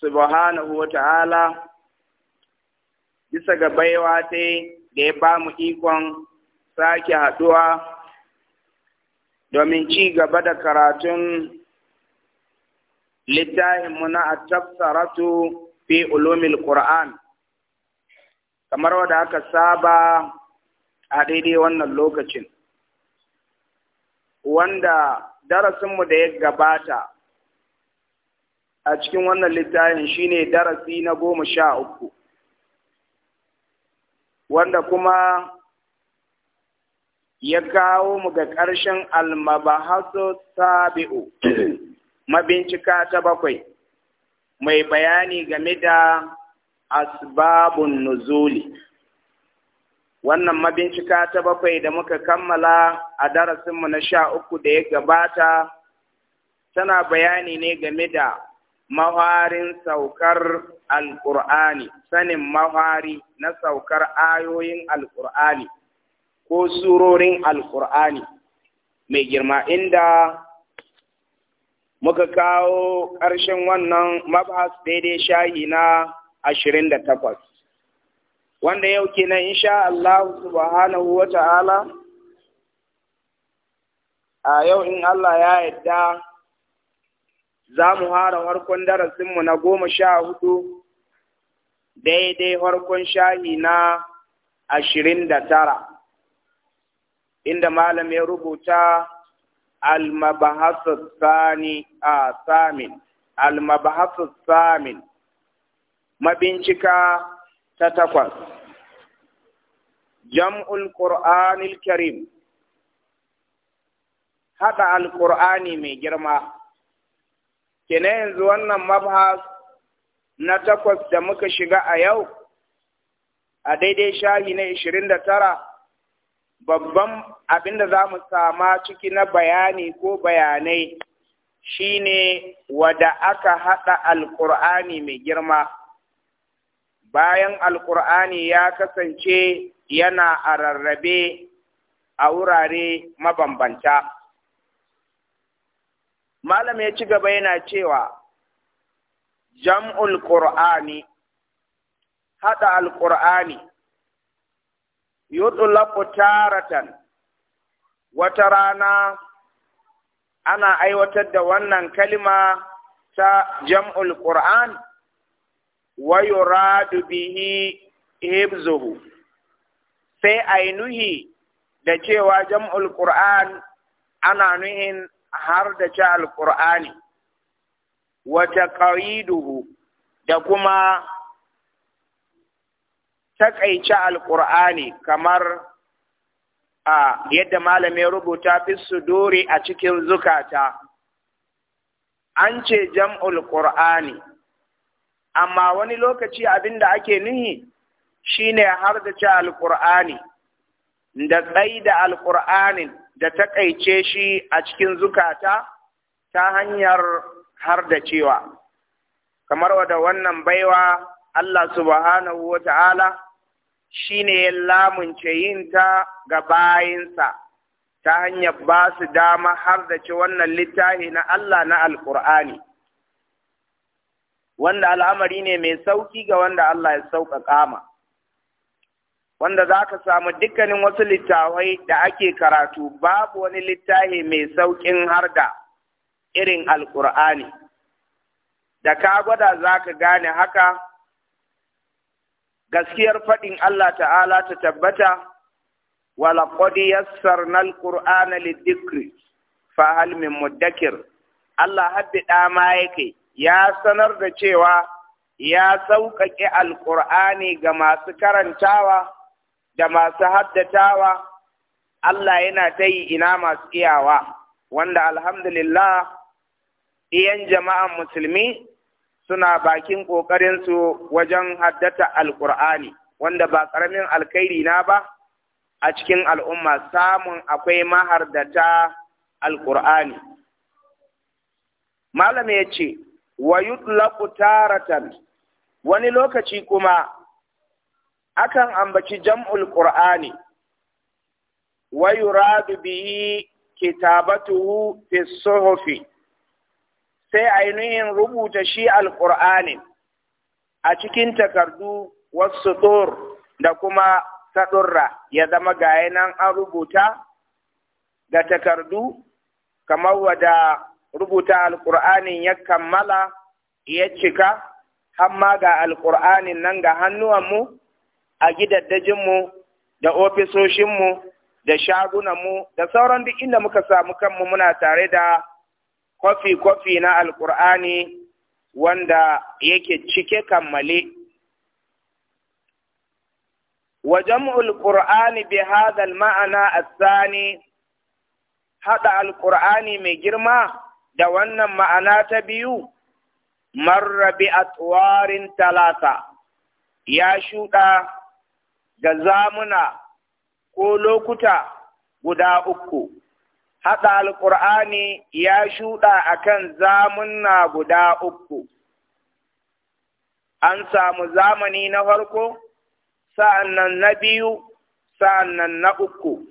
subhanahu wa ta'ala bisa ga baiwa ta da ya ba mu ikon sake haɗuwa domin ci gaba da karatun littafinmu na attafsaratu fi ulumil Qur'an kamar wadda aka saba a daidai wannan lokacin wanda darasinmu da ya gabata a cikin wannan littafin shine darasi na goma sha uku wanda kuma ya kawo mu ga ƙarshen almabahasu sabi'u mabincika ta bakwai mai bayani game da asbabun nuzuli wannan mabincika ta bakwai da muka kammala a darasinmu na sha uku da ya gabata tana bayani ne game da mawarin saukar alƙur'ani sanin mawari na saukar ayoyin alƙur'ani ko surorin alƙur'ani mai girma inda muka kawo ƙarshen wannan mabas daidai shayi na ashirin da takwas wanda yau kenan insha Allah subhanahu wa ta'ala a yau in Allah ya yadda za mu hara harkon darasinmu na goma sha hudu daidai harkon shahi na ashirin da tara inda malam ya rubuta almabahasar sani a samin mabincika ta takwas jam'ul ƙur'anil karim haɗa alƙur'ani mai girma kina yanzu wannan mabhas na takwas da muka shiga a yau a daidai shahi na 29 babban abin da za mu sama ciki na bayani ko bayanai shine wada aka haɗa alƙur'ani mai girma bayan alƙur'ani ya kasance yana a rarrabe a wurare mabambanta malam ya ci gaba yana cewa jam'ul qur'ani hada alqur'ani yutlaqu taratan wata rana ana aiwatar da wannan kalima ta jam'ul qur'an wa yuradu bihi hibzuhu sai ainuhi da cewa jam'ul qur'an ana nuhin har da ci alƙur'ani wata ƙa'iduhu da kuma taƙaice alƙur'ani kamar a yadda malamin rubuta fi dore a cikin zukata an ce jam'ul ƙur'ani amma wani lokaci abin da ake nihi shine har da ci alƙur'ani da da alƙur'anin da taƙaice shi a cikin zukata ta hanyar har da cewa kamar wada wannan baiwa Allah subhanahu wa ta'ala shi ne ya lamunce yinta ga bayinsa ta hanyar ba su dama har da ce wannan littafi na Allah na Alƙur'ani, wanda al'amari ne mai sauƙi ga wanda Allah ya sauƙaƙa ma. wanda za ka samu dukkanin wasu littafai da ake karatu babu wani littafi mai sauƙin harda irin alkur'ani da ka gwada za ka gane haka gaskiyar faɗin Allah ta'ala ta tabbata walaƙwadi yassar na alƙur'ana lidikri fahal min muddakir Allah haɗiɗa ma yake ya sanar da cewa ya sauƙaƙe alkur'ani ga masu karantawa da masu haddatawa Allah yana ta yi ina masu iyawa wanda alhamdulillah iyan jama'an musulmi suna bakin ƙoƙarinsu wajen haddata alƙur'ani wanda ba ƙaramin alkhairi na ba a cikin al'umma samun akwai mahardata alƙur'ani. Malam ya ce, wa yutlaqu taratan wani lokaci kuma akan ambaci jam'ul qur'ani wa yuradu bihi kitabatuhu fi suhufi sai ainihin rubuta shi alqur'ani a cikin takardu wasu da kuma taɗurra ya zama gaya nan an rubuta ga takardu kamar wada rubuta alƙur'anin ya kammala ya cika hamma ga alƙur'anin nan ga mu? a gidaddajinmu da ofisoshinmu da shagunanmu da sauran duk inda muka samu kanmu muna tare da kwafi-kwafi na alkur'ani wanda yake cike kammale وجمع القرآن بهذا المعنى الثاني هذا القرآن مجرما دوانا biyu. تبيو مر بأطوار ثلاثة ya shuɗa da zamuna ko lokuta guda uku. Haɗa Alƙur'ani ya shuɗa a kan zamuna guda uku. An samu zamani na farko, sa'an na biyu, sa'an nan na uku.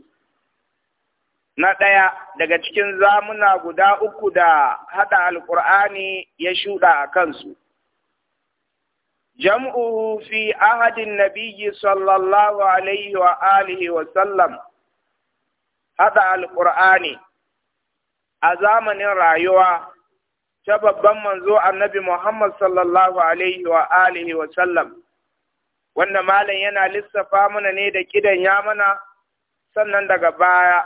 na ɗaya daga cikin zamuna guda uku da haɗa alƙur'ani ya shuɗa a kansu. جمعه في عهد النبي صلى الله عليه وآله وسلم هذا القرآن أزامن رايوة شباب منزو النبي محمد صلى الله عليه وآله وسلم wannan malam yana lissafa mana ne da kidan ya mana sannan daga baya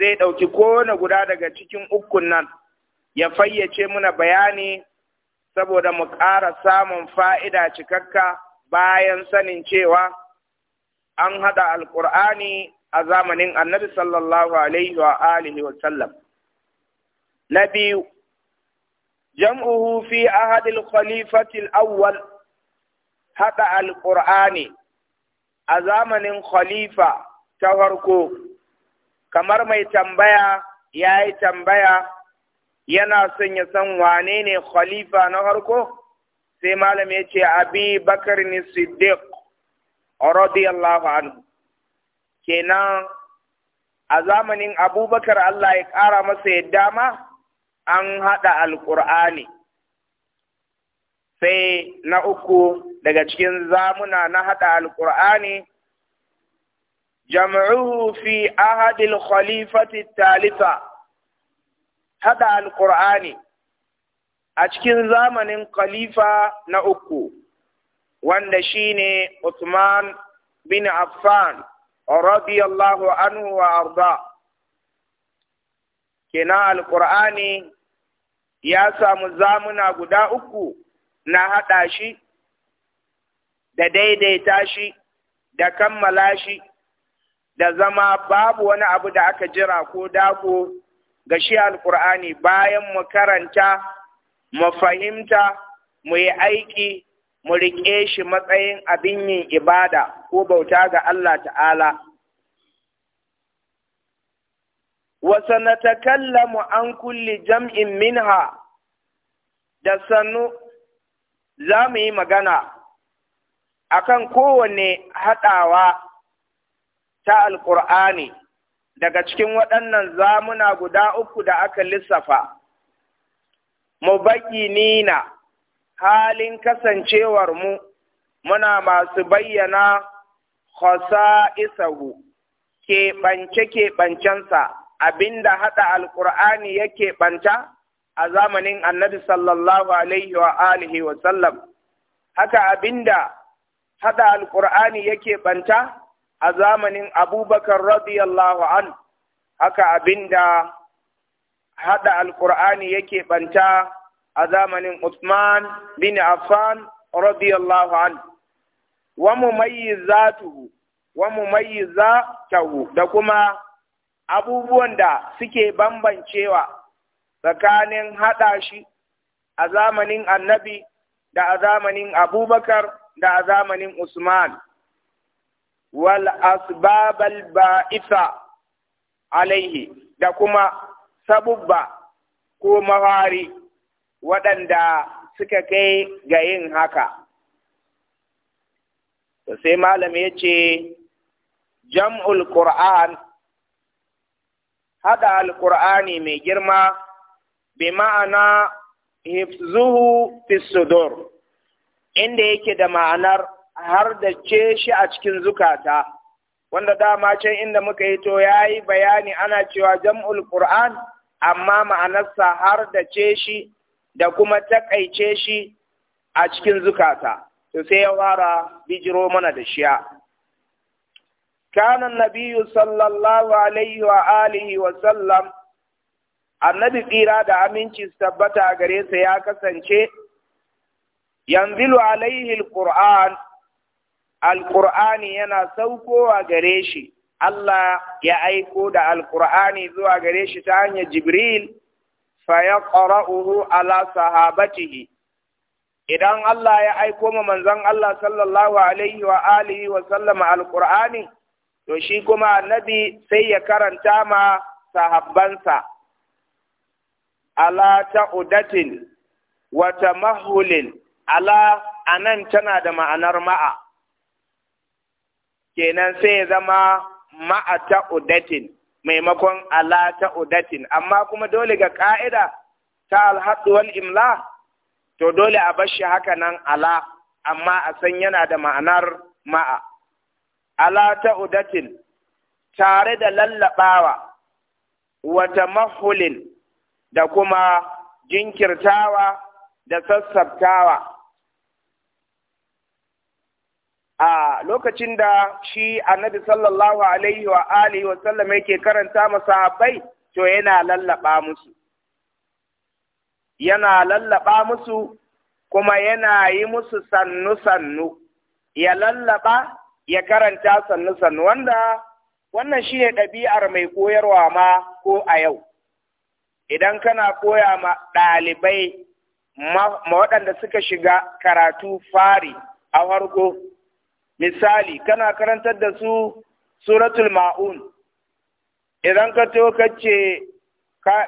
zai ɗauki kowane guda daga cikin ukun nan ya fayyace mana bayani saboda mu ƙara samun fa'ida cikakka bayan sanin cewa an haɗa alƙur'ani a zamanin annabi sallallahu alaihi wa alihi wa sallam. Na biyu, jam'uhu fi ahadil khalifatil awwal haɗa alƙur'ani a zamanin khalifa ta farko, kamar mai tambaya ya yi tambaya yana son ya san wane ne khalifa na harko sai malam ya ce abi bakar ni siddiq radiyallahu anhu kenan a zamanin abubakar Allah ya ƙara masa yadda ma an haɗa alƙur'ani sai na uku daga cikin zamuna na haɗa alƙur'ani jam'uhu fi ahadil khalifati talifa haɗa alƙur'ani a cikin zamanin khalifa na uku wanda shine Uthman bin Affan radiyallahu anhu wa arda kenan alƙur'ani ya samu zamuna guda uku na haɗa shi da daidaita shi da kammala shi da zama babu wani abu da aka jira ko dako ga shi alkur'ani bayan mu karanta mu fahimta mu yi aiki mu riƙe shi matsayin abin yin ibada ko bauta ga Allah ta'ala wa sanatakallamu takallamu an kulli jam'in minha da sanu za mu yi magana akan kowane haɗawa ta alƙur'ani daga cikin waɗannan zamuna guda uku da aka lissafa, mu nina. halin kasancewar mu muna masu bayyana isahu keɓance-keɓancensa da haɗa alƙur'ani ya keɓanta a zamanin annabi sallallahu alaihi wa alihi wa sallam haka da haɗa alƙur'ani ya keɓanta a zamanin abubakar radiyallahu an haka abinda hada alkur'ani yake banta a zamanin Usman bin Affan radiyallahu an wa mumayyizatuhu wa mumayyizatahu da kuma abubuwan da suke bambancewa tsakanin hada shi a zamanin annabi da a zamanin abubakar da a zamanin Usman wal asbabal ba'isa alaihi da kuma sabubba ko mawari waɗanda suka kai ga yin haka. To sai malam yace ce, Jam'ul Qur'an, haɗa Alƙur'ani mai girma, bi ma'ana hifzuhu fi sudur, inda yake da ma'anar har da ce shi a cikin zukata wanda dama can inda muka yi to ya yi bayani ana cewa jam'ul Qur'an amma ma'anarsa har da ce shi da kuma taƙaice shi a cikin zukata to sai ya fara bijiro mana da shiya kana nabiyyu sallallahu alaihi wa alihi wa sallam annabi tsira da aminci su tabbata a gare sa ya kasance yanzilu alaihi alquran alƙur'ani yana saukowa gare shi Allah ya aiko da alƙur'ani zuwa gare shi ta hanyar Jibril fa ya ƙara'uhu ala sahabatihi idan Allah ya aiko ma manzan Allah sallallahu alaihi wa alihi wa sallama alƙur'ani to shi kuma annabi sai ya karanta ma sahabbansa ala ta'udatin wata mahulin ala anan tana da ma'anar ma'a kenan sai ya zama ma'a udatin maimakon ala udatin amma kuma dole ga ka'ida ta alhaddu imla to dole a bar shi haka nan ala amma a san yana da ma'anar ma'a ala udatin tare da lallabawa wata mahulin da kuma jinkirtawa da sassabtawa a lokacin da shi annabi sallallahu alaihi wa alihi wa sallam yake karanta masahabbai to yana lallaba musu yana lallaba musu kuma yana yi musu sannu sannu ya lallaba ya karanta sannu sannu wanda wannan shi ne ɗabi'ar mai koyarwa ma ko a yau idan kana koya ma ɗalibai ma waɗanda suka shiga karatu fari a farko misali kana karantar da su suratul ma'un idan ka to kace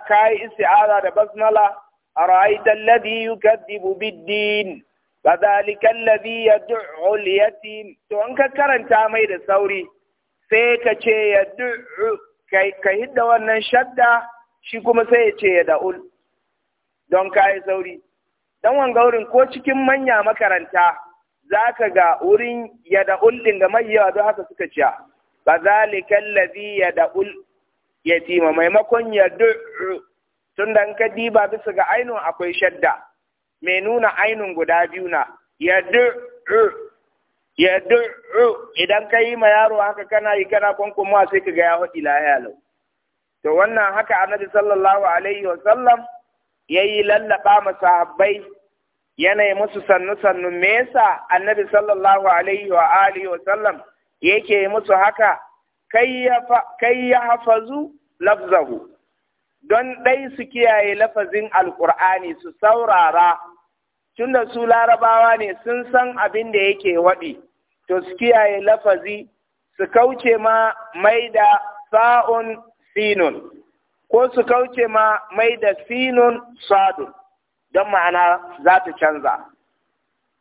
ka yi isti'ara da basmala ara'aita alladhi yukadibu bid-din alladhi yad'u al-yatim to an ka karanta mai da sauri sai ka ce yad'u kai ka hidda wannan shadda shi kuma sai ya ce yad'ul don kai sauri dan wanga ko cikin manya makaranta za ka ga wurin ya da ɗin ga mai yawa don haka suka ciya ba kalla lazi ya da'ul ya tima maimakon ya du'u tun da ka diba bisa ga ainihin akwai shadda mai nuna ainihin guda biyu na ya du'u ya du'u idan ka yi ma yaro haka kana yi kana kwankwanwa sai ka ga ya haɗi lahiya to wannan haka annabi sallallahu alaihi wa sallam yayi lallaɓa masahabbai Yanayi musu sannu-sannu me yasa annabi sallallahu alaihi wa alihi wa sallam yake musu haka kai ya hafazu lafzahu don ɗai su kiyaye lafazin alƙur'ani su saurara tun da su larabawa ne sun san abin da yake waɗi to su kiyaye lafazi su kauce ma mai da sa'un sinun ko su kauce ma mai da sinun sadun don ma'ana za ta canza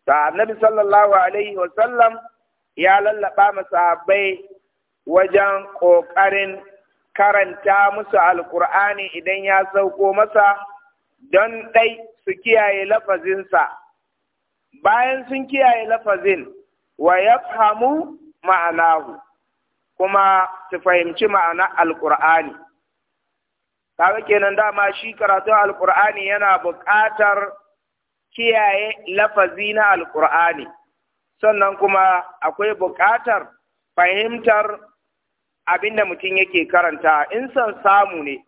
ta annabi sallallahu alaihi wa ya lallaba masahabai wajen ƙoƙarin karanta musu alkur'ani idan ya sauko masa don ɗai su kiyaye lafazinsa bayan sun kiyaye lafazin wa ya fahimu ma'anahu kuma su fahimci ma'ana alkur'ani kaga kenan dama shi karatun alkur'ani yana buƙatar kiyaye lafazi na alkur'ani sannan kuma akwai buƙatar fahimtar abinda mutum yake karanta in son samu ne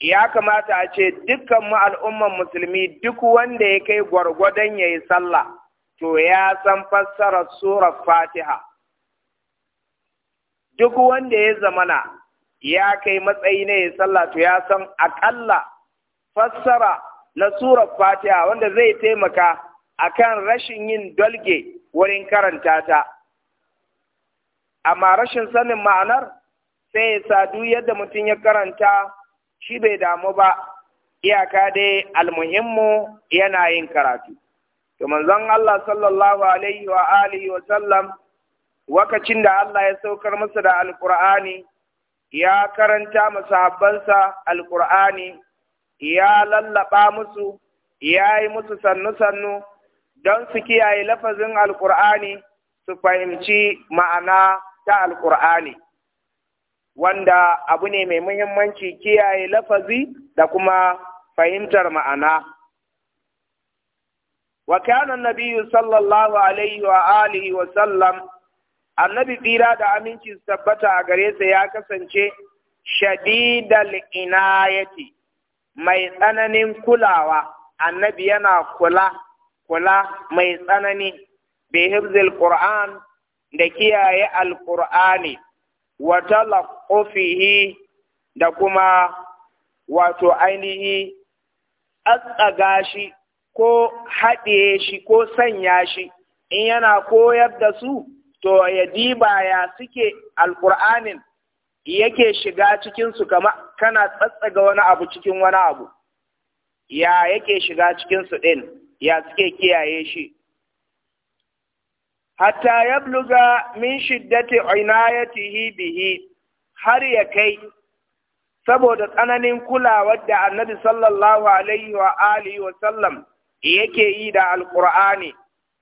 ya kamata a ce dukkan mu al'umman musulmi duk wanda ya kai gwargwadon ya yi sallah to ya san fassarar surar fatiha duk wanda ya zamana ya kai matsayi ne ya sallah to ya san akalla fassara na surar fatiha wanda zai taimaka akan rashin yin dolge wurin karanta ta amma rashin sanin ma'anar sai ya sadu yadda mutum ya karanta shi bai damu ba iyaka dai almuhimmu yana yin karatu to manzon Allah sallallahu alaihi wa alihi wa sallam wakacin da Allah ya saukar masa da alqur'ani ya karanta musahabbansa alƙur'ani ya lallaɓa musu ya yi musu sannu-sannu don su kiyaye lafazin alƙur'ani su fahimci ma'ana ta alƙur'ani wanda abu ne mai muhimmanci kiyaye lafazi da kuma fahimtar ma'ana wa kana nabiyyu sallallahu alaihi wa alihi wa sallam annabi tsira da amincin tabbata a gare sa ya kasance shadidal inayati mai tsananin kulawa annabi yana kula kula mai tsanani bi hifzil qur'an da kiyaye alqur'ani wa talaqqufihi da kuma wato ainihi tsatsaga shi ko haɗe shi ko sanya shi in yana koyar da su to ya diba ya suke alƙur'anin yake shiga cikinsu kama kana tsatsaga wani abu cikin wani abu ya yake shiga cikinsu ɗin ya suke kiyaye shi hatta ya bluga min shiddati inayatihi bihi har ya kai saboda tsananin kulawar da annabi sallallahu alaihi wa alihi wa sallam yake yi da Alƙur'ani,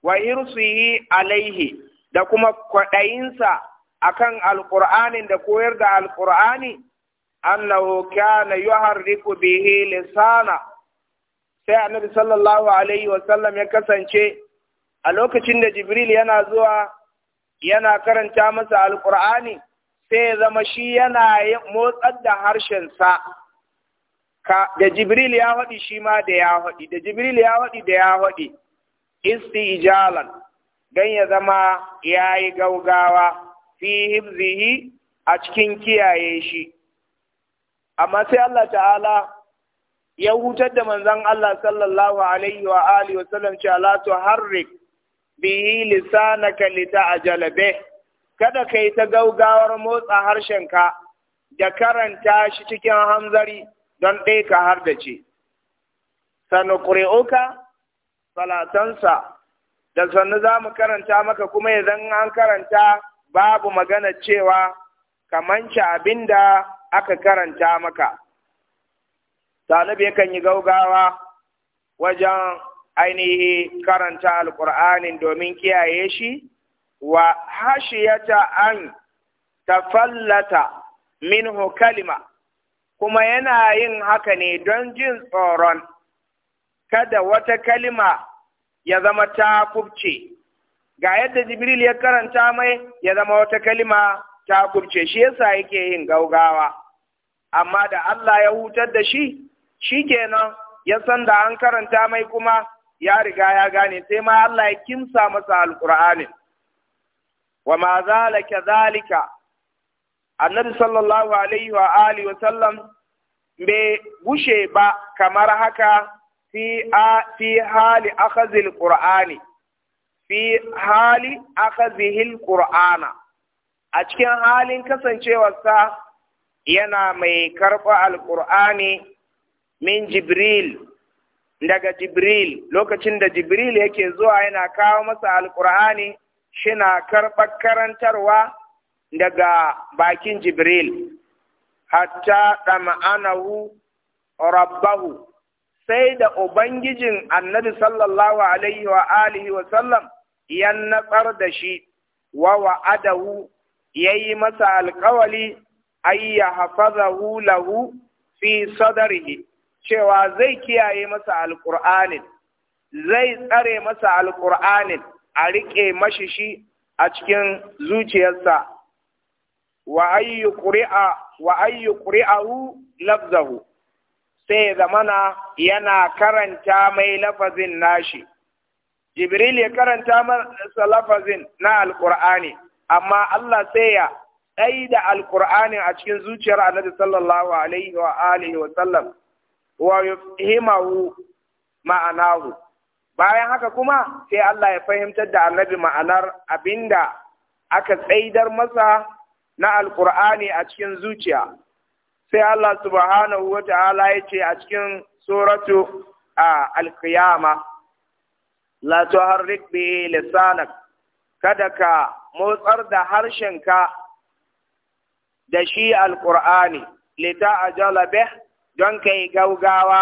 wa yi alaihi da kuma kwaɗayinsa a kan alƙur'anin da koyar da alƙur'ani annahu kana yuharriku bihi lisana sai annabi sallallahu alaihi wa ya kasance a lokacin da jibril yana zuwa yana karanta masa alƙur'ani sai ya zama shi yana motsar da harshensa ka da jibril ya haɗi shi ma da ya haɗi da jibril ya haɗi da ya haɗi istijalan don ya zama ya yi gaugawa fi hibzihi a cikin kiyaye shi amma sai Allah ta'ala ya hutar da manzon Allah sallallahu alaihi wa alihi wasallam ala to harrik bihi lisanaka lita'jala bih kada kai ta gaugawar motsa harshen ka da karanta shi cikin hanzari don ɗaya ka har da ce sanuƙuri'uka falatansa da sannu za mu karanta maka kuma idan an karanta babu magana cewa kamanci abin da aka karanta maka salibu yakan yi gaugawa wajen ainihi karanta alƙur'anin domin kiyaye shi wa hashiyata an tafallata minhu kalima kuma yana yin haka ne don jin tsoron kada wata kalima ya zama ta kubce ga yadda jibril ya karanta mai ya zama wata kalima ta kubce shi yasa yake yin gaugawa amma da Allah ya hutar da shi shikenan ya san da an karanta mai kuma ya riga ya gane sai ma Allah ya kimsa masa alqur'anin wa ma zala kadhalika annabi sallallahu alaihi wa alihi wa sallam bai gushe ba kamar haka fi fi hali akhazil qur'ani fi hali akhazihil qur'ana a cikin halin kasancewarsa yana mai karɓa alƙur'ani min jibril daga jibril lokacin da jibril yake zuwa yana kawo masa alƙur'ani shina karɓar karantarwa daga bakin jibril hatta ɗama'anahu rabbahu sai da ubangijin annabi sallallahu alaihi wa alihi wa sallam ya natsar da shi wa wa'adahu yi masa alkawali ayya yahfazahu lahu fi sadrihi cewa zai kiyaye masa alkur'anin zai tsare masa alkur'anin a riƙe mashi shi a cikin zuciyarsa wa ayyu quri'a wa sai zamana yana karanta mai lafazin nashi jibril ya karanta masa lafazin na Alƙur'ani. amma Allah sai ya ɗai da Alƙur'ani a cikin zuciyar annabi sallallahu alaihi wa alihi wa sallam wa himahu ma'anahu bayan haka kuma sai Allah ya fahimtar da annabi ma'anar abinda aka tsaidar masa na Alƙur'ani a cikin zuciya sai Allah subhanahu wa ta'ala ya ce a cikin suratu a alkiyama la tuharrik bi lisanak kada ka motsar da harshenka da shi alqur'ani lita ajala bih don kai gaugawa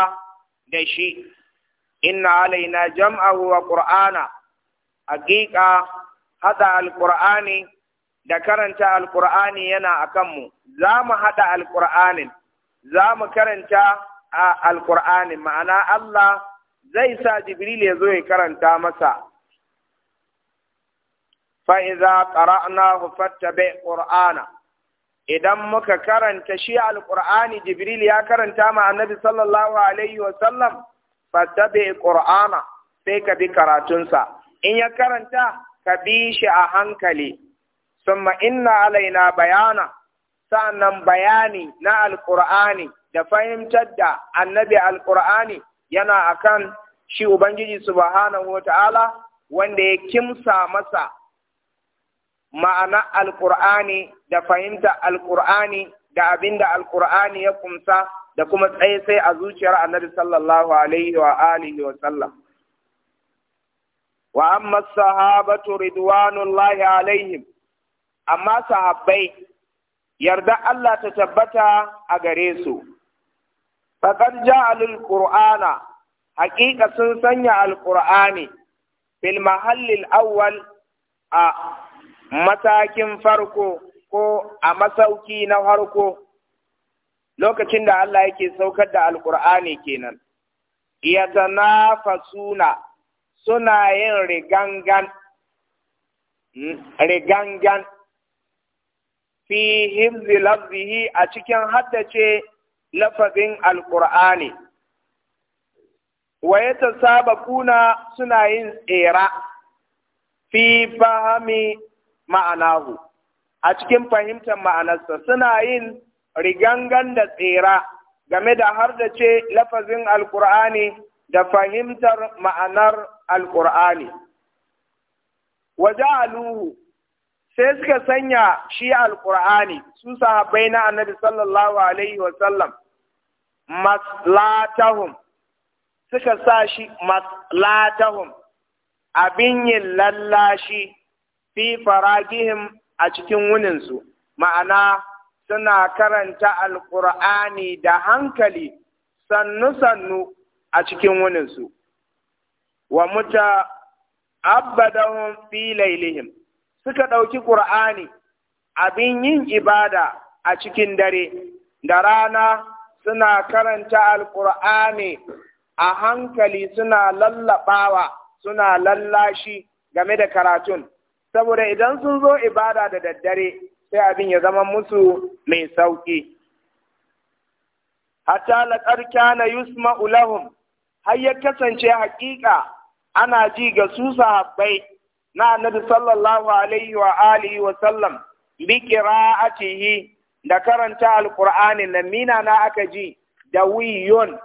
da shi inna alaina jam'ahu wa qur'ana haƙiƙa hada alqur'ani da karanta alkur'ani yana a kanmu za mu haɗa alkur'anin za mu karanta a alkur'anin ma'ana Allah zai sa jibril ya zo ya karanta masa fa'iza ƙara'nahu bai ƙur'ana idan muka karanta shi alkur'ani jibril ya karanta ma annabi sallallahu alaihi wasallam bai ƙur'ana sai ka bi karatunsa in ya karanta ka bi shi a hankali summa inna alaina bayana sa'annan bayani na alqur'ani da fahimtar da annabi alqur'ani yana akan shi ubangiji subhanahu ta'ala, wanda ya kimsa masa ma'ana alkur'ani da fahimta alqur'ani da abinda alkur'ani ya kumsa da kuma tsaye sai a zuciyar annabi sallallahu alaihi wa alihi wa sallam wa amma sahabatu ridwanullahi alaihim amma sahabbai yarda Allah ta tabbata a gare su faqad ja'alul qur'ana haƙiƙa sun sanya al’ur'ani, fil mahallil awwal a matakin farko ko a masauki na farko lokacin da Allah yake saukar da al’ur'ani kenan yatanafasuna suna yin rigangan rigangan fi himzi lafzihi a cikin haddace lafazin alƙur'ani wa ya kuna suna yin tsera fi fahami ma'anahu a cikin fahimtar ma'anarsa suna yin rigangan da tsera game da haddace lafazin alƙur'ani da fahimtar ma'anar alƙur'ani wa ja'aluhu sai suka sanya shi alkur'ani su sahabbai na annabi sallallahu alaihi wa sallam maslatahum suka sa shi maslatahum abin yin lallashi fi faragihim a cikin wuninsu ma'ana suna karanta alkur'ani da hankali sannu-sannu a cikin wuninsu wa muta abadahum fi lailihim suka ɗauki ƙur'ani abin yin ibada a cikin dare da rana suna karanta alƙur'ani a hankali suna lallaɓawa suna lallashi game da karatun saboda idan sun zo ibada da daddare sai abin ya zama musu mai sauƙi hatta laƙar kana yusma'ulahun har ya kasance haƙiƙa ana ji ga su sahabbai na annabi sallallahu alaihi wa alihi wa sallam bi qira'atihi da karanta alqur'ani na mina na aka ji da wiyon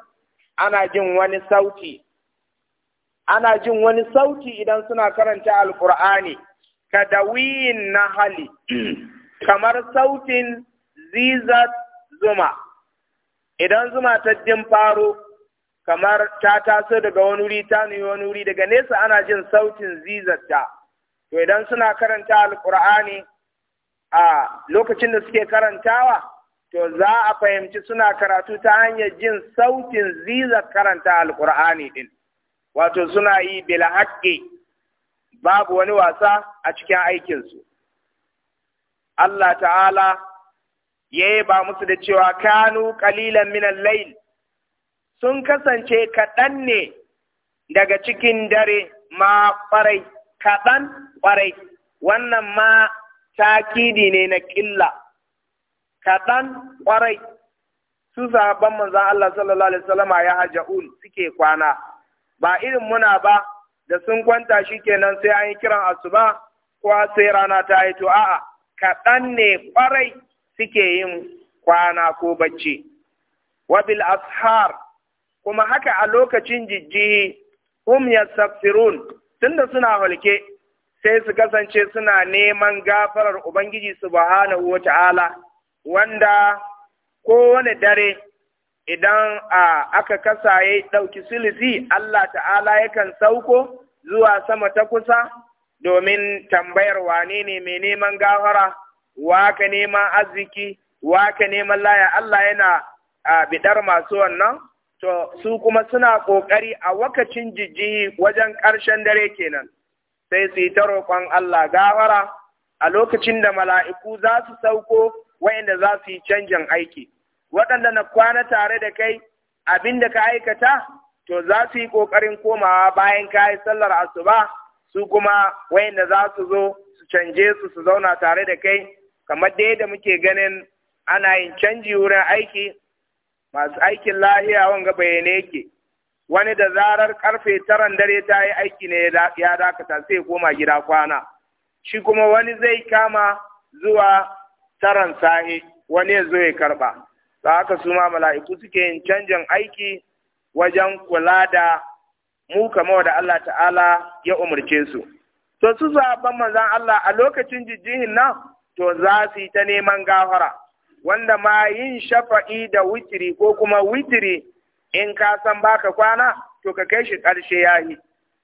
ana jin wani sauti ana jin wani sauti idan suna karanta alqur'ani ka na hali. kamar sautin zizat zuma idan zuma ta jin faro kamar ta taso daga wani wuri ta nuyi wani wuri daga nesa ana jin sautin zizata. to idan suna karanta alkur'ani a lokacin da suke karantawa to za a fahimci suna karatu ta hanyar jin sautin zizar karanta Alƙur'ani din wato suna yi bil haƙƙi babu wani wasa a cikin aikinsu Allah ta'ala ya ba musu da cewa kanu ƙalilan minal layl sun kasance kaɗan ne daga cikin dare ma ƙwarai kaɗan ƙwarai wannan ma takidi ne na ƙilla kaɗan ƙwarai su sahabban manzan Allah sallallahu alaihi wasallama ya haja'ul suke kwana ba irin muna ba da sun kwanta shi kenan sai an yi kiran asuba ko sai rana ta yi a'a kaɗan ne ƙwarai suke yin kwana ko bacci wabil ashar kuma haka a lokacin jijji, hum yastaghfirun tunda suna halke, sai su kasance suna neman gafarar Ubangiji subhanahu wa ta'ala wanda kowane dare idan aka kasa ya ɗauki silisi Allah ta'ala yakan sauko zuwa sama ta kusa domin tambayar wane ne mai neman gafara waka neman arziki waka neman laya Allah yana bidar masu wannan to su kuma suna ƙoƙari a wakacin jijjihi wajen ƙarshen dare kenan sai su yi ta roƙon Allah gafara a lokacin da mala'iku za su sauko wayanda za su yi canjin aiki waɗanda na kwana tare da kai abin da ka aikata to za su yi ƙoƙarin komawa bayan ka yi sallar asuba su kuma wayanda za su zo su canje su su zauna tare da kai kamar da muke ganin ana yin canji wurin aiki masu aikin lahiya wanga bayyane yake wani da zarar karfe taran dare ta yi aiki ne ya dakata sai koma gida kwana shi kuma wani zai kama zuwa taran sahi wani ya zo ya karba Za haka su ma mala'iku suke yin canjin aiki wajen kula da mu kama da Allah ta'ala ya umarce su to su zaɓen manzan Allah a lokacin jijjihin nan to za su yi ta neman gafara wanda ma yin shafa'i da witiri ko kuma witiri in ka san baka kwana to ka kai shi ƙarshe ya yi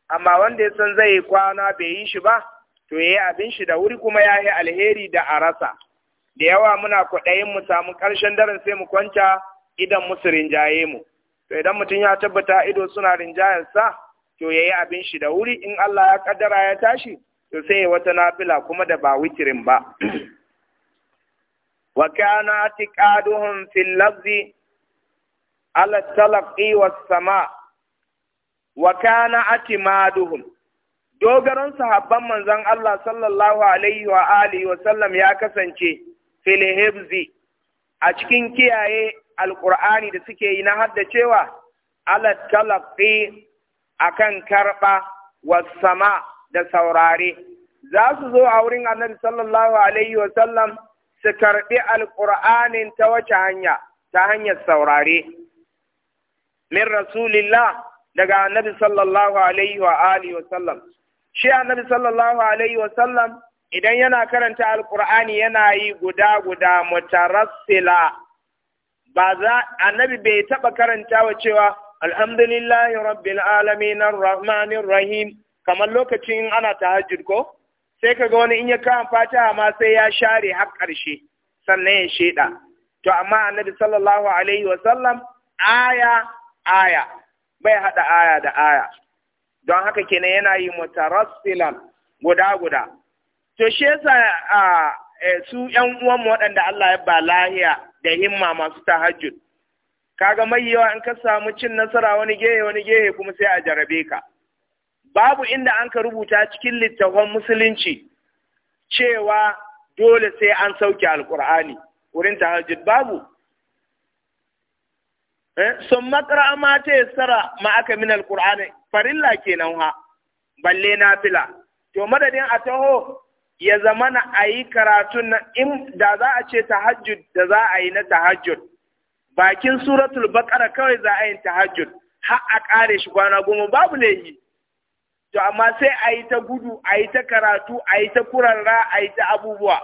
amma wanda ya san zai yi kwana bai yi shi ba to ya yi abin shi da wuri kuma ya yi alheri da a rasa da yawa muna kwaɗayin mu samu ƙarshen daren sai mu kwanta idan musu rinjaye mu to idan mutum ya tabbata ido suna rinjayarsa to ya yi abin shi da wuri in Allah ya kaddara ya tashi to sai ya wata nafila kuma da ba witirin ba وكان اعتقادهم في اللفظ على التلقي والسماع وكان اعتمادهم dogaron sahabban manzon Allah sallallahu alaihi wa alihi wa sallam ya kasance filhibzi a cikin kiyaye Alƙur'ani da suke yi na haddacewa ala talaqi akan karba wasama da saurare za su zo a wurin annabi wa sallam su karɓi alƙur'anin ta wace hanya ta hanyar saurare min rasulillah daga annabi sallallahu alaihi wa alihi wa sallam shi annabi sallallahu alaihi wa sallam idan yana karanta alƙur'ani yana yi guda guda mutarassila ba za annabi bai taɓa karanta wa cewa alhamdulillahi rabbil alamin arrahmanir rahim kamar lokacin ana tahajjud ko sai ka ga wani in ya kawo fatiha ma sai ya share har ƙarshe sannan ya sheda to amma annabi sallallahu alaihi wa sallam aya aya bai hada aya da aya don haka kenan yana yi mutarassilan guda guda to shi yasa a e, su yan uwan mu waɗanda Allah ya ba lahiya da himma masu tahajjud kaga mai yawa in ka samu cin nasara wani gehe wani gehe kuma sai a jarabe ka babu inda an ka rubuta cikin littafan musulunci cewa dole sai an sauke alkur'ani wurin tahajjud babu eh, sun makara ma ta yassara ma aka min alkur'ani farilla kenan ha balle na fila to madadin a taho ya zamana a yi karatun na in da za a ce tahajjud da za a yi na tahajjud bakin suratul baqara kawai za a yi tahajjud har a kare shi kwana goma babu laifi to amma sai a yi ta gudu a yi ta karatu a yi ta kurarra a yi ta abubuwa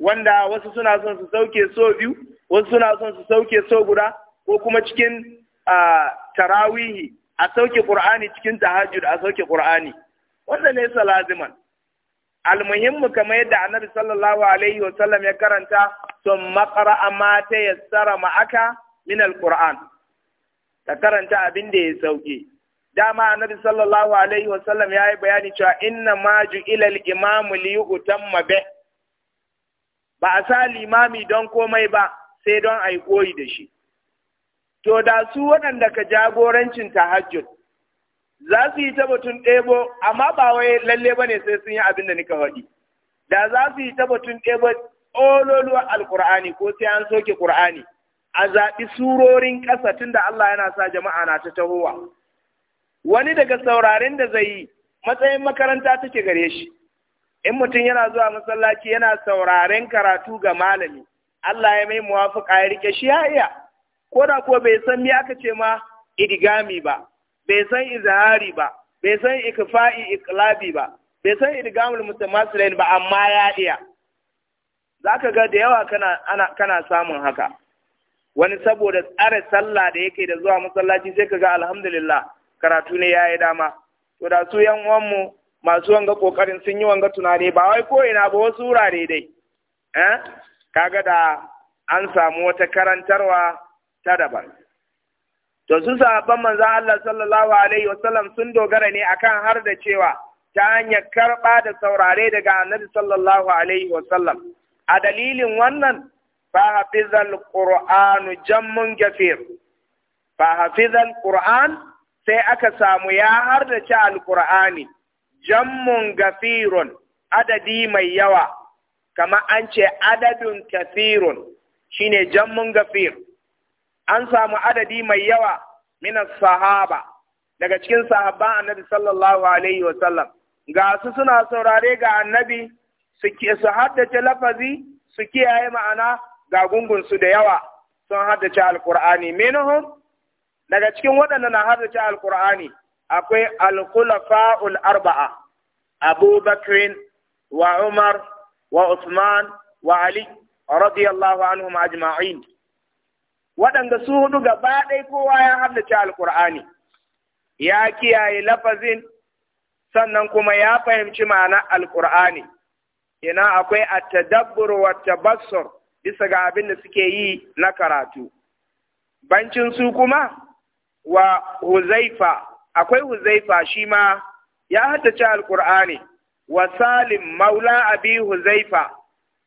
wanda wasu suna son su sauke so biyu wasu suna son su sauke so guda ko kuma cikin tarawihi a sauke ƙurani cikin tahajjud a sauke qur'ani wanda ne sa laziman almuhimmu kamar yadda annabi sallallahu alaihi wa sallam ya karanta sun maqra ma tayassara ma'aka min alquran ka karanta abin da ya sauke dama annabi sallallahu alaihi wasallam ya yi bayani cewa inna ma ilal imamu li yu'tamma ba a sa limami don komai ba sai don a koyi da shi to da su waɗanda ka jagorancin tahajjud za su yi ta batun ɗebo amma ba wai lalle ba ne sai sun yi abin da nika faɗi da za su yi ta batun ɗebo ololuwar ko sai an soke ƙur'ani a zaɓi surorin ƙasa tun da Allah yana sa jama'a na ta tahowa wani daga sauraren da zai yi matsayin makaranta take gare shi in mutum yana zuwa masallaci yana sauraren karatu ga malami Allah ya mai muwafiqa ya rike shi ya ko da ko bai san me aka ce ma idigami ba bai san izhari ba bai san ikfa'i iqlabi ba bai san idgamul mutamassilin ba amma ya iya zaka ga da yawa kana ana kana samun haka wani saboda tsare sallah da yake da zuwa masallaci sai kaga alhamdulillah karatu ne ya yi dama to da su yan uwanmu masu wanga kokarin sun yi wanga tunani ba wai ko ina ba wasu wurare dai eh kaga da an samu wata karantarwa ta daban to su sababban manza Allah sallallahu alaihi wasallam sun dogara ne akan har da cewa ta hanyar karɓa da saurare daga annabi sallallahu alaihi wasallam a dalilin wannan fa hafizal qur'anu jammun gafir fa hafizal qur'an sai aka samu ya hardace alkur'ani jammun gafirun adadi mai yawa kama an ce adadun kafirun shine jammun gafir an samu adadi mai yawa minas sahaba daga cikin sahaba annabi sallallahu alaihi wasallam ga su suna saurare ga annabi su haddace lafazi su kiyaye ma'ana ga gungunsu da yawa sun haddace alkur'ani minhum daga cikin waɗanda na haddace alkur'ani akwai alkulafa'ul arba'a abu bakrin wa umar wa usman wa ali radiyallahu anhum ajma'in waɗanda su hudu gaba ɗaya kowa ya haddace alkur'ani ya kiyaye lafazin sannan kuma ya fahimci ma'ana alkur'ani ina akwai at-tadabbur wa tabassur bisa ga abin da suke yi na karatu bancin su kuma wa huzaifa akwai huzaifa shi ma ya haddace alkur'ani wa salim maula abi huzaifa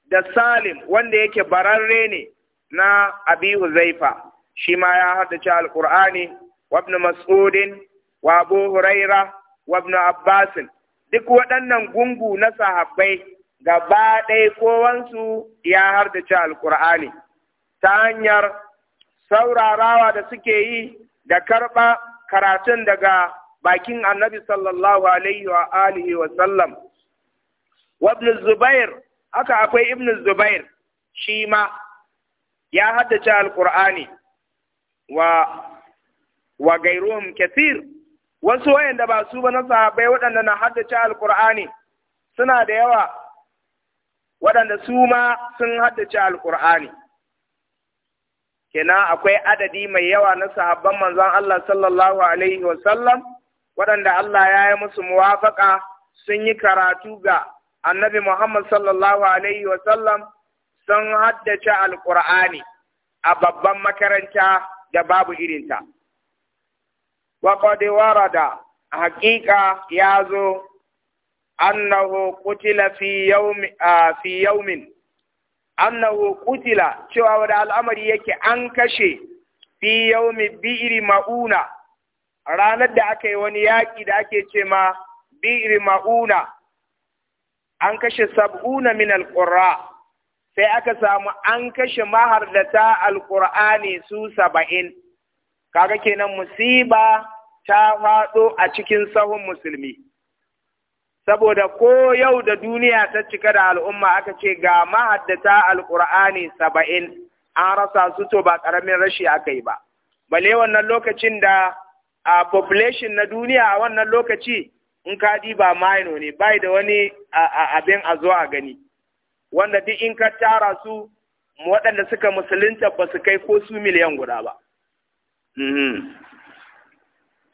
da salim wanda yake bararre ne na abi huzaifa shi ma ya haddace alkur'ani wa ibn mas'udin wa abu huraira wa ibn abbasin duk waɗannan gungu na sahabbai gaba ɗaya kowansu ya hardace alkur'ani ta hanyar saurarawa da suke yi da karɓa karatun daga bakin annabi sallallahu alaihi wa alihi wa sallam wa ibn zubair haka akwai ibn zubair shi ma ya haddace alqur'ani wa wa gairuhum kathir wasu wayanda ba su ba na sahabbai waɗanda na haddace alqur'ani suna da yawa waɗanda su ma sun haddace alqur'ani kenan akwai adadi mai yawa na sahabban manzon Allah sallallahu alaihi sallam waɗanda Allah ya yi musu muwafaka sun yi karatu ga annabi Muhammad sallallahu alaihi sallam sun haddace alƙur'ani a babban makaranta da babu irinta. qad warada haƙiƙa ya zo annahu qutila fi yaumin annahu ƙutila cewa wani al'amari yake an kashe fi yawmi bi'iri mauna ranar da aka yi wani yaƙi da ake ce ma bi'iri mauna an kashe sab'una min alqurra sai aka samu an kashe mahardata alqur'ani su saba'in kaga kenan musiba ta faɗo a cikin sahun musulmi saboda ko yau da duniya ta cika da al'umma aka ce ga mahaddata Alkur'ani saba'in an rasa su to ba karamin rashi aka yi ba bale wannan lokacin da a population na duniya a wannan lokaci in ka ba maino ne bai da wani abin a zo a gani wanda duk in ka tara su waɗanda suka musulunta ba su kai ko su miliyan guda ba mhm.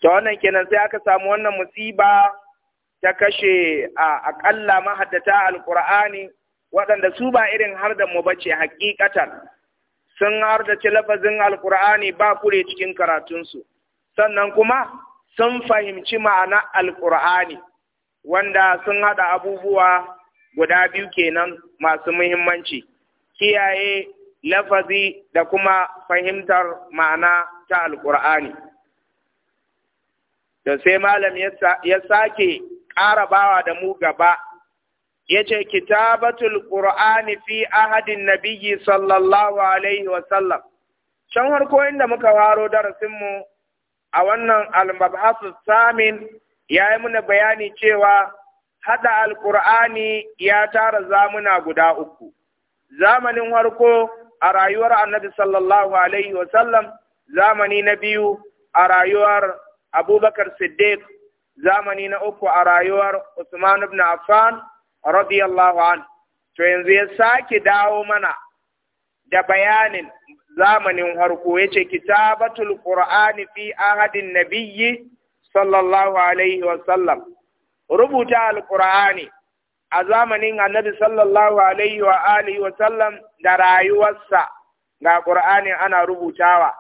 ta wannan kenan sai aka samu wannan musiba ta kashe a aƙalla mahaddata alƙur'ani waɗanda su ba irin har da mu bace hakikatan sun har da ci lafazin alƙur'ani ba kure cikin karatunsu sannan kuma sun fahimci ma'ana alƙur'ani wanda sun haɗa abubuwa guda biyu kenan masu muhimmanci kiyaye lafazi da kuma fahimtar ma'ana ta alƙur'ani da sai malam ya sake ƙara da mu gaba Ya ce kitabatul qur'ani fi ahadin nabiyyi sallallahu alaihi wa sallam can harko inda muka waro darasin mu a wannan al-mabhasu samin yi muna bayani cewa hada al-Qur'ani ya tara zamuna guda uku zamanin Harko, a rayuwar annabi sallallahu alaihi wa sallam zamani na biyu a rayuwar abubakar siddiq zamani na uku a rayuwar Usman ibn Affan radiyallahu an to yanzu ya sake dawo mana da bayanin zamanin harko yace kitabatul qur'ani fi ahadin nabiyyi sallallahu alaihi wa sallam rubuta alqur'ani a zamanin annabi sallallahu alaihi wa alihi wa sallam da rayuwarsa ga qur'ani ana rubutawa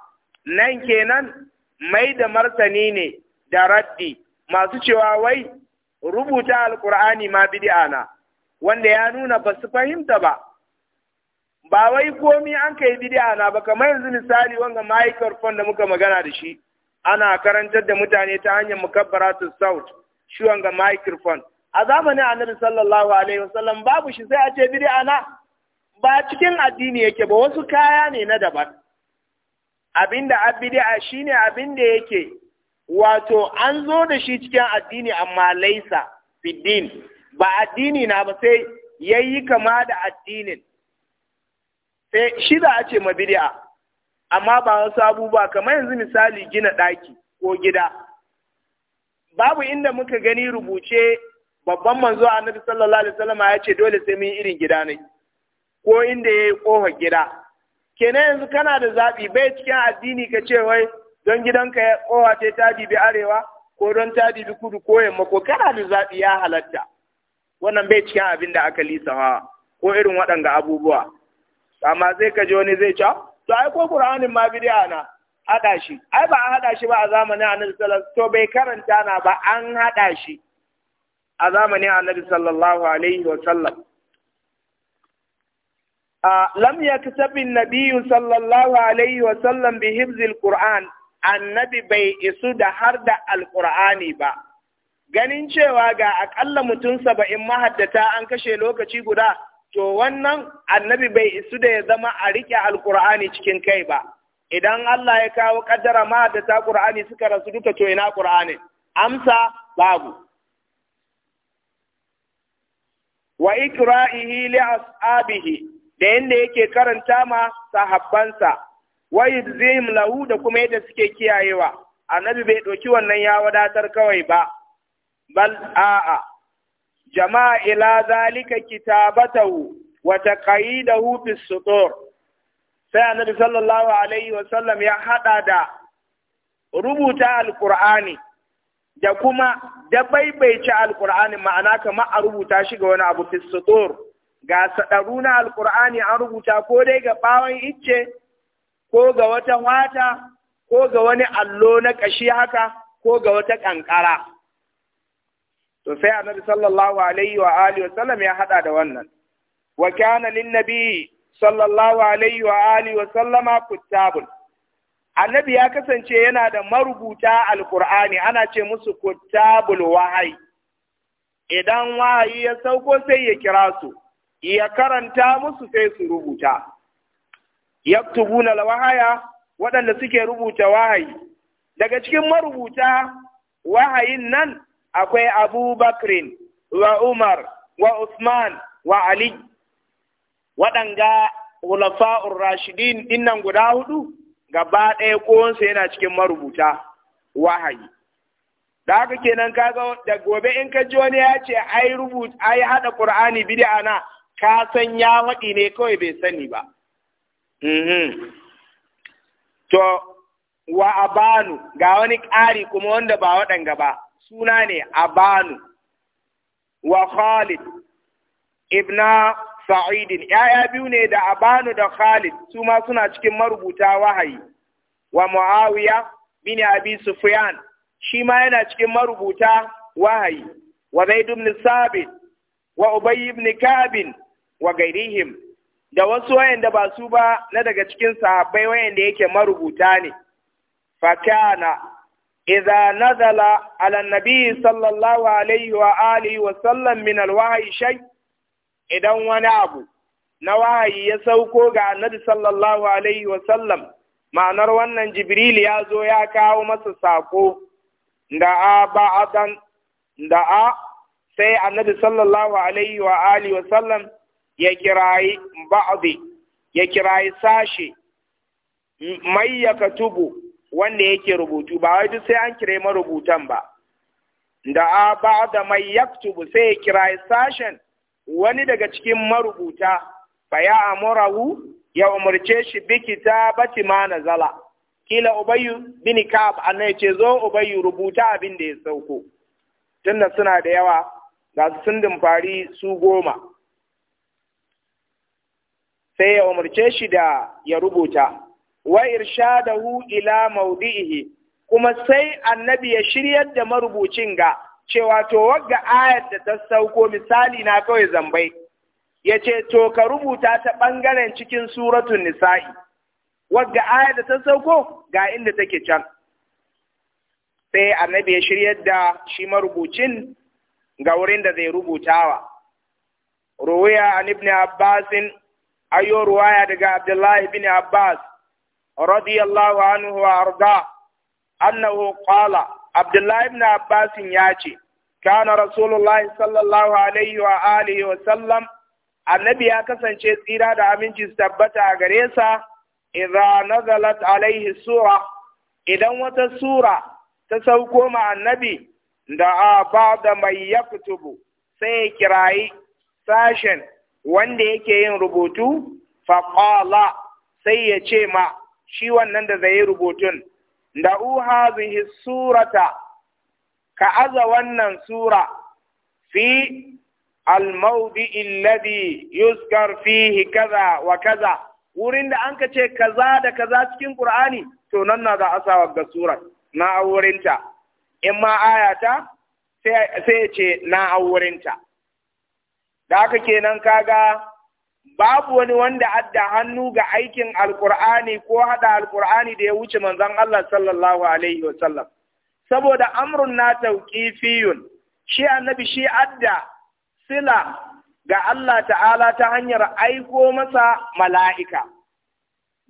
nan kenan mai da martani ne da raddi masu cewa wai rubuta alkur'ani ma bid'a na wanda ya nuna ba su fahimta ba ba wai komi an kai bid'a na ba kamar yanzu misali wanga microphone da muka magana da shi ana karantar da mutane ta hanyar mukabbaratu South shi wanga microphone a zamanin annabi sallallahu alaihi wasallam babu shi sai a ce bid'a na ba cikin addini yake ba wasu kaya ne na daban abinda a shine abinda yake wato an zo da shi cikin addini amma laisa fiddin ba addini na ba sai yayi kama da addinin sai shi za a ce mabidi'a amma ba wasu abubuwa kamar yanzu misali gina ɗaki ko gida babu inda muka gani rubuce babban manzo annabi sallallahu alaihi wasallam ya ce dole sai mun irin gida ne ko inda yayi kofar gida kenan yanzu kana da zabi bai cikin addini ka ce wai don gidanka ya kowa ce ta bibi arewa ko don ta bibi kudu ko yamma ko kana da zaɓi ya halatta wannan bai cikin abin da aka ha ko irin waɗanga abubuwa amma zai kaji wani zai ce to ai ko qur'anin ma bidiya na hada shi ai ba a hada shi ba a zamanin annabi sallallahu alaihi to bai karanta na ba an hada shi a zamanin annabi sallallahu alaihi wa sallam lam yaktabi an-nabiy sallallahu alaihi wa sallam bi annabi bai isu da har da alƙur'ani ba ganin cewa ga aƙalla mutum saba'in mahaddata an kashe lokaci guda to wannan annabi bai isu da ya zama a riƙe alƙur'ani cikin kai ba idan Allah ya kawo ƙaddara mahaddata ƙur'ani suka rasu duka to ina ƙur'ani amsa babu wa ikra'ihi li da yanda yake karanta ma sahabbansa Wai zai lahu da kuma yadda suke kiyayewa annabi bai ɗauki wannan ya wadatar kawai ba bal a'a jama'a ila zalika kitabatahu wa taqayidahu bis sutur sai annabi sallallahu alaihi wa sallam ya hada da rubuta alqur'ani da kuma da baibaice alqur'ani ma'ana kamar a rubuta shi ga wani abu fis sutur ga sadaruna na alqur'ani an rubuta ko dai ga bawon icce ko ga wata wata ko ga wani allo na ƙashi haka ko ga wata ƙanƙara. To sai annabi sallallahu alaihi wa alihi wa sallam ya haɗa da wannan. Wa kana lin nabi sallallahu alaihi wa alihi wa sallama kuttabun. Annabi ya kasance yana da marubuta Alƙur'ani, ana ce musu kuttabul wahai. Idan wahayi ya sauko sai ya kira su, ya karanta musu sai su rubuta. yaktubuna lawahaya waɗanda suke rubuta wahayi daga cikin marubuta wahayin nan akwai Abu Bakrin wa Umar wa Usman wa Ali waɗanga hulafa'ur rashidin dinnan guda hudu gaba ɗaya kowansu yana cikin marubuta wahayi da haka kenan kaga da gobe in ka ji wani ya ce ai rubuta ai hada qur'ani bid'a na ka san ya waɗi ne kawai bai sani ba Mhm. To, wa abanu ga wani ƙari kuma wanda ba waɗanga ba, suna ne abanu, wa Khalid, ibna Sa'idin, ‘ya'ya biyu ne da abanu da Khalid, su ma suna cikin marubuta wahayi, wa Muawiya bin Abi Sufyan, shi ma yana cikin marubuta wahayi, wa Zaid ibn Sabit, wa Ubay ibn Kabin, wa gairihim. da wasu wayanda ba su ba na daga cikin sahabbai wayanda yake marubuta ne fakana idza nazala ala nabi sallallahu alaihi wa alihi wa sallam min alwahyi shay idan wani abu na wahayi ya sauko ga annabi sallallahu alaihi wa sallam ma'anar wannan jibril ya zo ya kawo masa sako da a ba'adan da a sai annabi sallallahu alaihi wa alihi wa sallam ya kirayi ba'adi ya kirayi sashi mai ya katubu wanda yake rubutu ba wai duk sai an kire marubutan ba da a ba da mai tubu sai ya kirayi sashen wani daga cikin marubuta fa ya amurahu ya umarce shi bi kitabati ma nazala kila ubayyu bin kab annai ce zo ubayyu rubuta abin da ya sauko tunda suna da yawa ga sun fari su goma sai ya umarce shi da ya rubuta wa irshadahu ila maudihi, kuma sai annabi ya shiryar da marubucin ga cewa to wagga ayar da ta sauko misali na kawai zambai ya ce to ka rubuta ta ɓangaren cikin suratun nisa'i wagga ayar da ta sauko ga inda take can sai annabi ya shiryar da shi marubucin ga wurin da zai rubutawa ruwiya an ibn abbasin ayo ruwaya daga Abdullahi bin Abbas radiyallahu anhu wa arda annahu qala Abdullahi bin Abbas ya ce kana Rasulullahi sallallahu alaihi wa alihi wa sallam annabi ya kasance tsira da aminci su tabbata a gare sa idza nazalat alaihi sura idan wata sura ta sauko ma annabi da a ba mai ya sai ya kirayi sashen wanda yake yin rubutu faƙala sai ya ce ma shi wannan da zai rubutun da uha zihi surata ka aza wannan sura fi almaudi alladhi yuzkar fihi kaza wa kaza wurin da anka ce kaza da kaza cikin qur'ani to nan na za asawa ga sura na awurinta in ma ayata sai ce na awurinta da haka kenan kaga babu wani wanda adda hannu ga aikin alkur'ani ko hada alkur'ani da ya wuce manzon Allah sallallahu alaihi wasallam saboda amrun na fiyun, shi annabi shi adda sila ga Allah ta'ala ta hanyar aiko masa mala'ika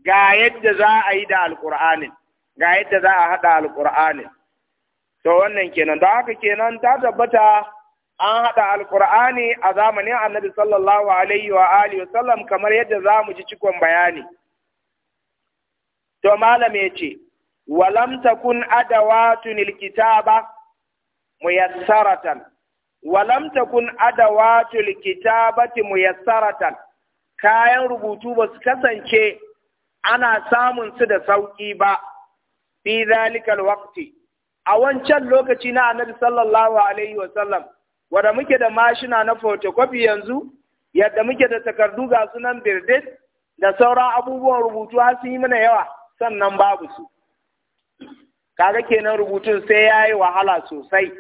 ga yadda za a yi da alkur'anin ga yadda za a hada alkur'anin to wannan kenan da haka kenan ta tabbata an haɗa Alƙur'ani a zamanin annabi sallallahu alaihi wa alihi sallam kamar yadda za mu ji cikon bayani to malam ya ce walam takun adawatun alkitaba muyassaratan walam takun adawatul kitabati muyassaratan kayan rubutu ba su kasance ana samun su da sauƙi ba fi zalikal waqti a wancan lokaci na annabi sallallahu alaihi wa sallam wanda muke da mashina na photocopy yanzu yadda muke da takardu ga sunan birdit da sauran abubuwan rubutu har sun yi mana yawa sannan babu su kaga kenan rubutun sai ya yi wahala sosai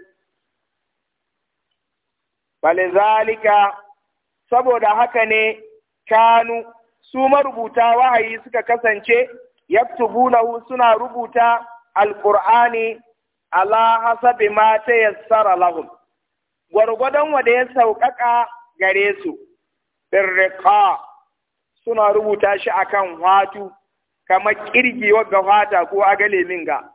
zalika saboda haka ne kanu su marubuta wahayi suka kasance yaktubunahu suna rubuta alqur'ani ala hasabi ma tayassara lahum gwargwadon da ya sauƙaƙa gare su Ɗirrika suna rubuta shi a kan watu, kamar ƙirgi ga fata ko agale min ga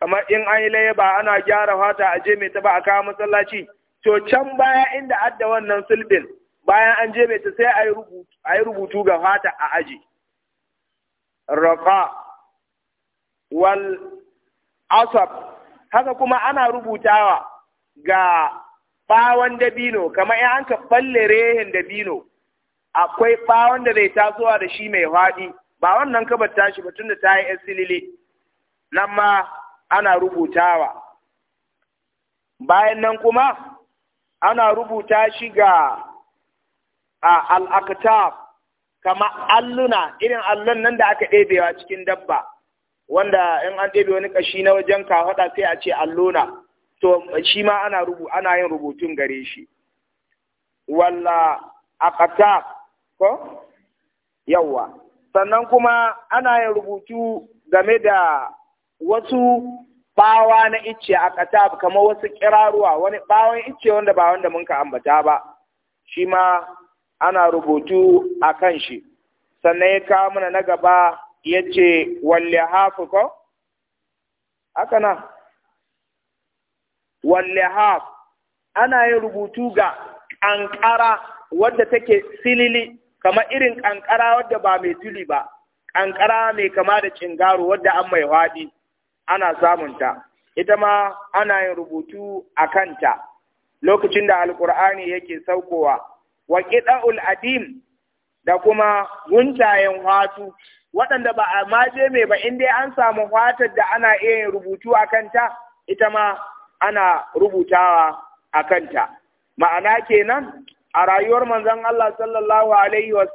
kamar in an yi layaba ana gyara fata a je mai taba a kawo masallaci to can baya inda adda wannan sulbin bayan an je mai ta sai a yi rubutu ga fata a aji raqa wal asab haka kuma ana rubutawa ga bawon dabino kamar in an ka falle rehin dabino akwai bawon da zai tasowa da shi mai haɗi ba wannan ka kabar shi ba tunda ta yi yan silile nan ma ana rubutawa bayan nan kuma ana rubuta shi ga al'akatab kama alluna irin allon nan da aka ɗebewa cikin dabba wanda in an ɗebe wani ƙashi na wajen kafaɗa sai a ce allona to shi ma ana rubu ana yin rubutun gare shi walla aqtab ko yawa sannan kuma ana yin rubutu game da wasu bawa na icce a katab kamar wasu kiraruwa wani bawan icce wanda ba wanda mun ka ambata ba shi ma ana rubutu a kan shi sannan ya kawo mana na gaba ya ce walle hafi ko haka na wallahaf ana yin rubutu ga ƙanƙara wadda take silili kamar irin ƙanƙara wadda ba mai tuli ba ƙanƙara mai kama da cingaro wadda an mai waɗi, ana samunta ita ma ana yin rubutu a kanta lokacin da alƙur'ani yake saukowa wa ƙida'ul adim da kuma guntayen hatu waɗanda ba a maje mai ba in dai an samu hatar da ana iya yin rubutu a kanta ita ma ana rubutawa a kanta ma'ana kenan a rayuwar manzon Allah sallallahu alaihi wa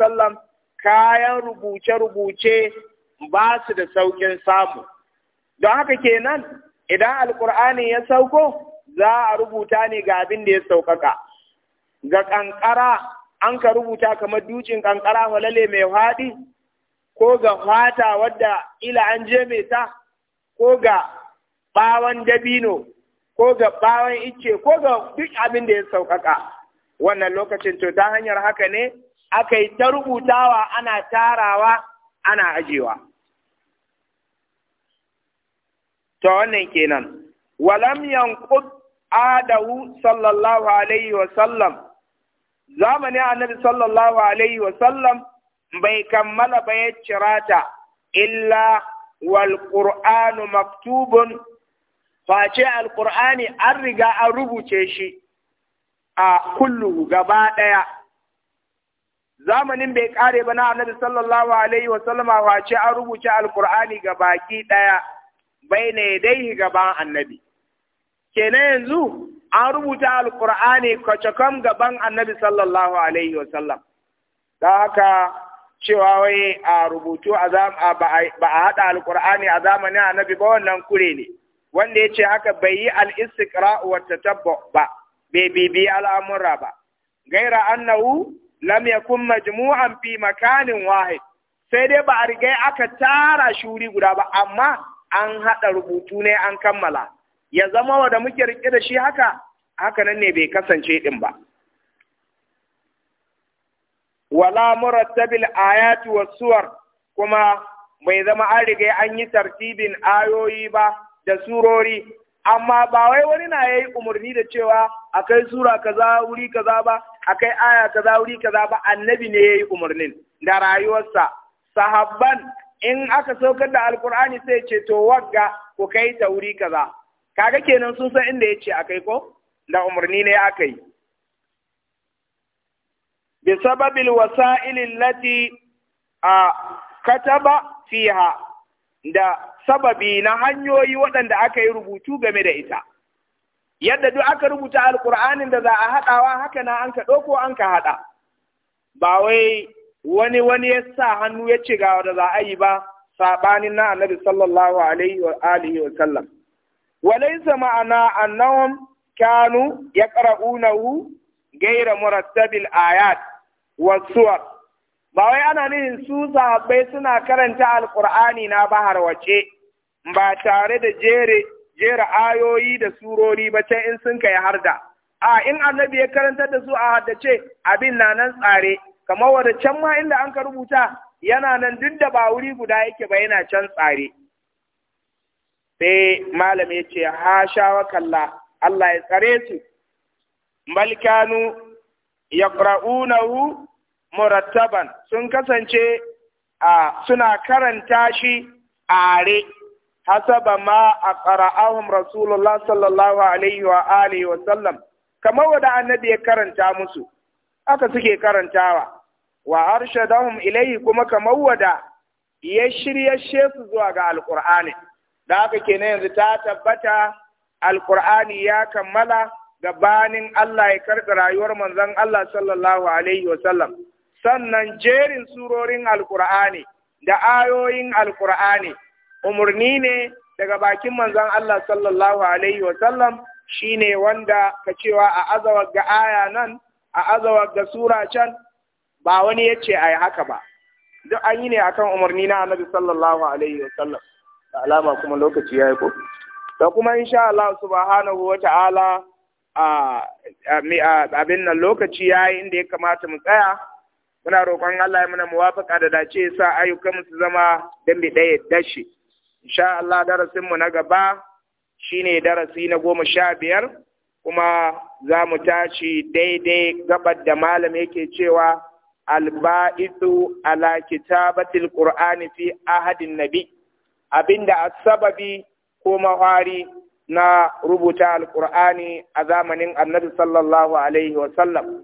kayan rubuce-rubuce ba su da saukin samu don haka kenan idan Alƙur'ani ya sauko za a rubuta ne ga abin da ya sauƙaƙa. ga ƙanƙara an ka rubuta kamar dukin ƙanƙara walale mai haɗi ko ga fata wadda ila an je mai ta ko ga ɓawan dabino ko ga bawan ice ko ga duk abin da ya sauƙaƙa wannan lokacin to ta hanyar haka ne aka yi ta rubutawa ana tarawa ana ajewa to wannan kenan walam yanqud adahu sallallahu alaihi wa sallam zamani annabi sallallahu alaihi wa sallam bai kammala ba cirata illa wal qur'anu maktubun face alkur'ani an riga an rubuce shi a kullu gaba ɗaya zamanin bai ƙare ba na annabi sallallahu alaihi wa sallama face an rubuce alkur'ani ga baki ɗaya bai ne dai gaban annabi kenan yanzu an rubuta alkur'ani kam gaban annabi sallallahu alaihi wa sallam da haka cewa wai a rubutu ba a haɗa alkur'ani a zamanin annabi ba wannan kure ne wanda ya ce haka bai yi al wata tabba ba bai bibi al'amura ba gaira annahu lam yakun majmu'an fi makanin wahid sai dai ba a rigai aka tara shuri guda ba amma an haɗa rubutu ne an kammala ya zama wa da muke rike da shi haka haka nan ne bai kasance din ba wala murattabil ayatu was suwar kuma bai zama an riga an yi tartibin ayoyi ba da surori amma ba wai wani na yayi umarni da cewa akai sura kaza wuri kaza ba akai aya kaza wuri kaza ba annabi ne yayi umarnin da rayuwarsa sahabban in aka saukar da alkur'ani sai ce to wagga ku kai ta wuri kaza kaga kenan sun san inda yace akai ko da umarni ne akai bi sababil wasa'il allati a kataba fiha da sababi na hanyoyi waɗanda aka yi rubutu game da ita yadda duk aka rubuta alkur'anin da za a haɗawa haka na an ka ɗauko an ka haɗa ba wai wani wani ya sa hannu ya ci gawa da za a yi ba saɓanin na annabi sallallahu alaihi wa alihi wa sallam walaysa ma'ana annahum kanu ya ghayra gaira murattabil ayat wasuwar. ba wai ana nihin su Zabai suna karanta alƙur'ani na bahar wace ba tare da jere jera ayoyi da surori ba can in sun kai harda a in annabi ya karanta da su a haddace abin na nan tsare kamar wanda can ma inda an ka rubuta yana nan duk da ba wuri guda yake ba yana can tsare sai malam ya ce ha shawa kalla Allah ya tsare su bal kanu yaqra'unahu murattaban sun kasance a suna karanta shi are hasaba ma a ƙara'ahun rasulullah sallallahu alaihi wa alihi wa sallam kamar wanda annabi ya karanta musu aka suke karantawa wa arshadahum ilaihi kuma kamar wada ya shirya su zuwa ga alƙur'ani da haka kenan yanzu ta tabbata alƙur'ani ya kammala gabanin Allah ya karɓi rayuwar manzon Allah sallallahu alaihi wa sallam sannan jerin surorin alkur'ani da ayoyin alkur'ani umarni ne daga bakin manzon Allah sallallahu alaihi wa sallam shine wanda ka cewa a azawar ga aya nan a azawar ga sura can ba wani ya ce a yi haka ba duk an yi ne akan umarni na annabi sallallahu alaihi wa sallam da alama kuma lokaci ya yi ko da kuma insha Allah subhanahu wa ta'ala a abin nan lokaci ya yi inda ya kamata mu tsaya muna roƙon Allah ya muna muwafaƙa da dace sa ayyukan su zama dan bi ɗaya dashi insha Allah darasin mu na gaba shine darasi na goma sha biyar kuma za mu tashi daidai gabar da malam yake cewa alba'ithu ala kitabatil qur'ani fi ahadin nabi abinda sababi ko mahari na rubuta alqur'ani a zamanin annabi sallallahu alaihi wa sallam